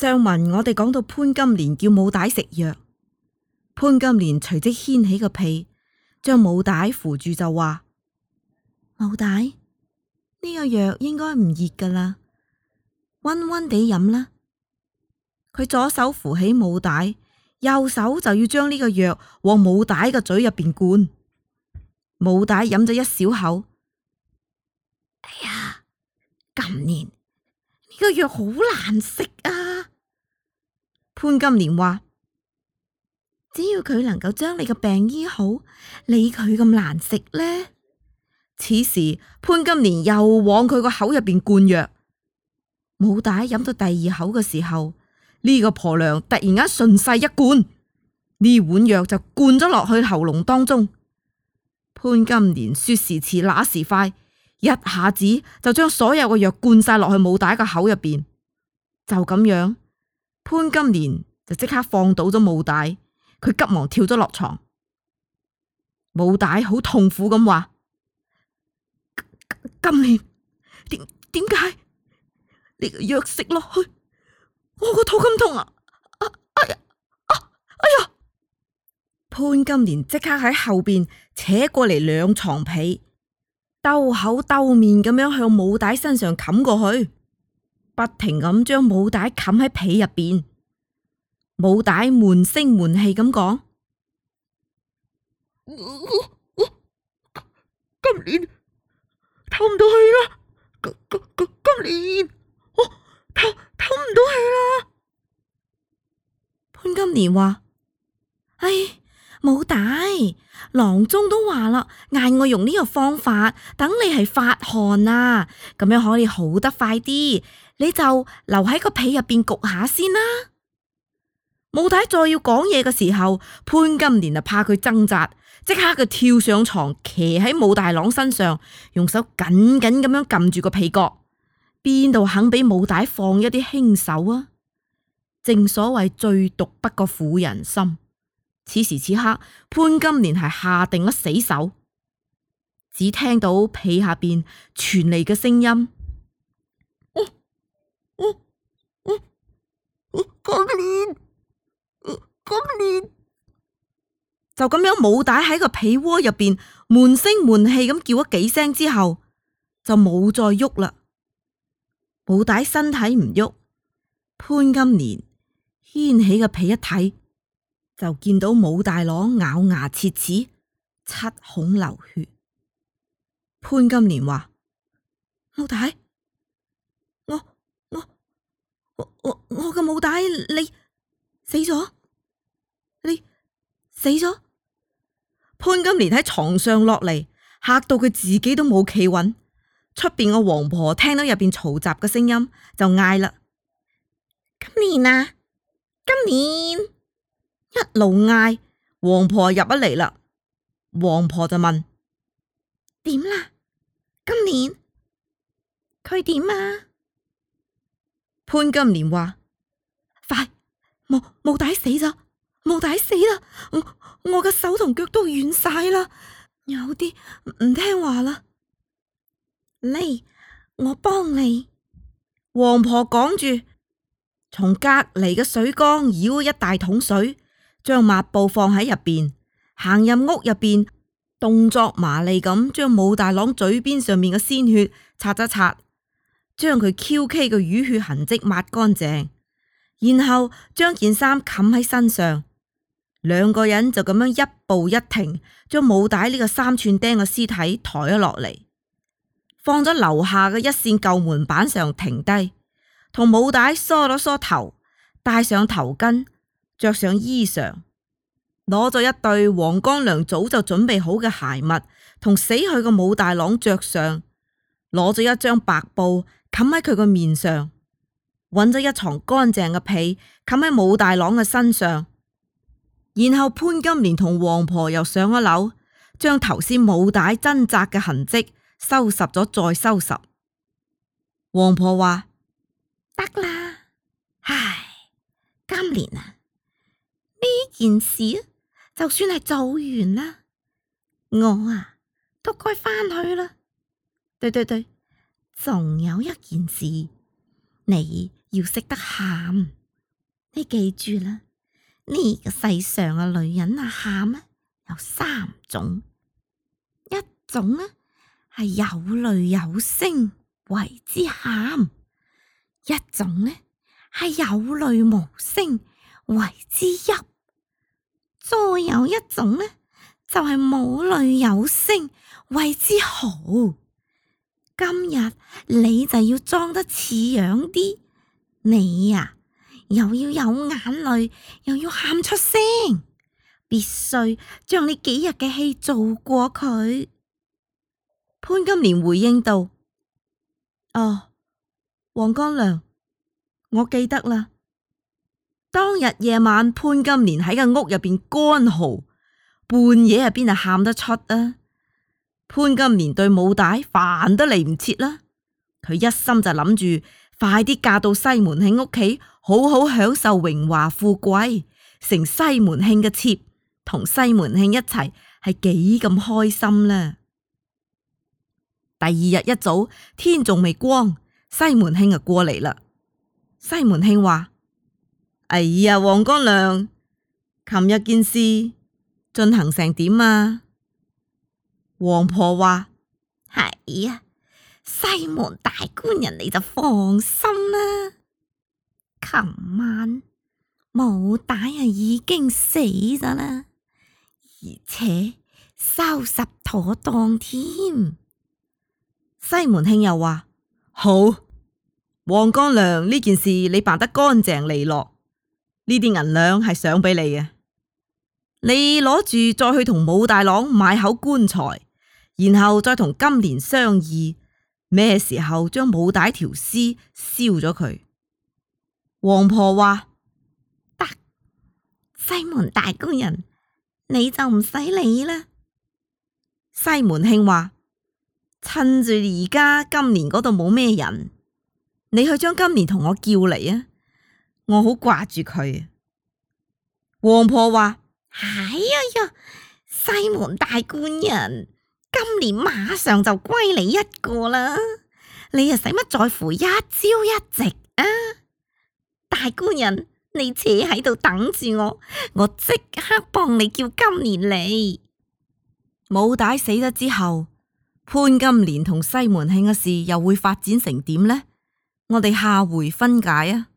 上文我哋講到潘金蓮叫武大食藥，潘金蓮隨即掀起個被，將武大扶住就話：武大呢個藥應該唔熱噶啦，溫溫地飲啦。佢左手扶起武大，右手就要將呢個藥往武大個嘴入邊灌。武大飲咗一小口，哎呀，今年呢個藥好難食啊！潘金蓮話：只要佢能夠將你個病醫好，理佢咁難食呢？此時潘金蓮又往佢個口入邊灌藥，武大飲到第二口嘅時候，呢個婆娘突然間順勢一灌，呢碗藥就灌咗落去喉嚨當中。潘金蓮說時遲那時快，一下子就將所有嘅藥灌晒落去武大嘅口入邊，就咁樣。潘金蓮就即刻放倒咗武大，佢急忙跳咗落床。武大好痛苦咁話：金蓮點點解你個藥食落去，我個肚咁痛啊，啊！哎呀啊哎呀！潘金蓮即刻喺後邊扯過嚟兩床被，兜口兜面咁樣向武大身上冚過去。不停咁將武大冚喺被入邊，武大悶聲悶氣咁講、哦哦：今年透唔到氣啦！今年我、哦、透透唔到氣啦！潘金蓮話：唉、哎，武大郎中都話啦，嗌我用呢個方法，等你係發汗啊，咁樣可以好得快啲。你就留喺個被入邊焗下先啦。武大再要講嘢嘅時候，潘金蓮就怕佢掙扎，即刻就跳上床，騎喺武大郎身上，用手緊緊咁樣撳住個被角，邊度肯俾武大放一啲輕手啊？正所謂最毒不過婦人心，此時此刻，潘金蓮係下定咗死手，只聽到被下邊傳嚟嘅聲音。金蓮，金蓮、 嗯嗯嗯嗯、就咁樣武大喺個被窩入邊，悶聲悶氣咁叫咗幾聲之後，就冇再喐啦。武大身體唔喐，潘金蓮掀起個被一睇，就見到武大郎咬牙切齒，七孔流血。潘金蓮話：武大。」我我我個武大你死咗，你死咗？死潘金蓮喺床上落嚟，吓到佢自己都冇企穩。出邊個王婆聽到入邊嘈雜嘅聲音，就嗌啦：金蓮啊，金蓮一路嗌。王婆入一嚟啦，王婆就問：點啦？金蓮佢點啊？潘金蓮話：快，武武大死咗，武大死啦！我我嘅手同腳都軟晒啦，有啲唔聽話啦。你，我幫你。王婆講住，從隔籬嘅水缸舀一大桶水，將抹布放喺入邊，行入屋入邊，動作麻利咁將武大郎嘴邊上面嘅鮮血擦一擦，擦，擦。將佢 QK 嘅淤血痕迹抹乾淨，然後將件衫冚喺身上，兩個人就咁樣一步一停，將武大呢個三寸釘嘅屍體抬咗落嚟，放咗樓下嘅一扇舊門板上停低，同武大梳咗梳頭，戴上頭巾，着上衣裳，攞咗一對黃光良早就準備好嘅鞋襪，同死去嘅武大郎着上，攞咗一張白布。冚喺佢個面上，搵咗一床乾淨嘅被，冚喺武大郎嘅身上，然後潘金蓮同王婆又上咗樓，將頭先武大掙扎嘅痕跡收拾咗再收拾。王婆話：得啦，唉，今年啊呢件事就算係做完啦，我啊都該翻去啦。對對對。仲有一件事，你要識得喊，你記住啦。呢個世上嘅女人啊，喊呢有三種，一種呢，係有淚有聲為之喊，一種呢，係有淚無聲為之泣，再有一種呢，就係冇淚有聲為之嚎。今日你就要裝得似樣啲，你呀、啊、又要有眼淚，又要喊出聲，必須將你幾日嘅戲做過佢。潘金蓮回應道：哦，王乾娘，我記得啦。當日夜晚潘金蓮喺個屋入邊乾嚎，半夜入邊啊喊得出啊！潘金蓮對武大煩都嚟唔切啦，佢一心就諗住快啲嫁到西門慶屋企，好好享受榮華富貴，成西門慶嘅妾，同西門慶一齊係幾咁開心呢。第二日一早，天仲未光，西門慶就過嚟啦。西門慶話：哎呀，王乾娘，琴日件事進行成點啊？王婆話：係啊，西門大官人你就放心啦，啊。琴晚武大人已經死咗啦，而且收拾妥當添。西門慶又話：好，王乾娘，呢件事你辦得乾淨利落，呢啲銀兩係賞俾你嘅，你攞住再去同武大郎買口棺材。然後再同金蓮商議咩時候將武帶條屍燒咗佢。王婆話：得，西門大官人，你就唔使理啦。西門慶話：趁住而家金蓮嗰度冇咩人，你去將金蓮同我叫嚟啊！我好掛住佢。王婆話：哎呀呀，西門大官人。金蓮馬上就歸你一個啦，你又使乜在乎一朝一夕啊？大官人，你且喺度等住我，我即刻幫你叫金蓮嚟。武大死咗之後，潘金蓮同西門慶嘅事又會發展成點呢？我哋下回分解啊！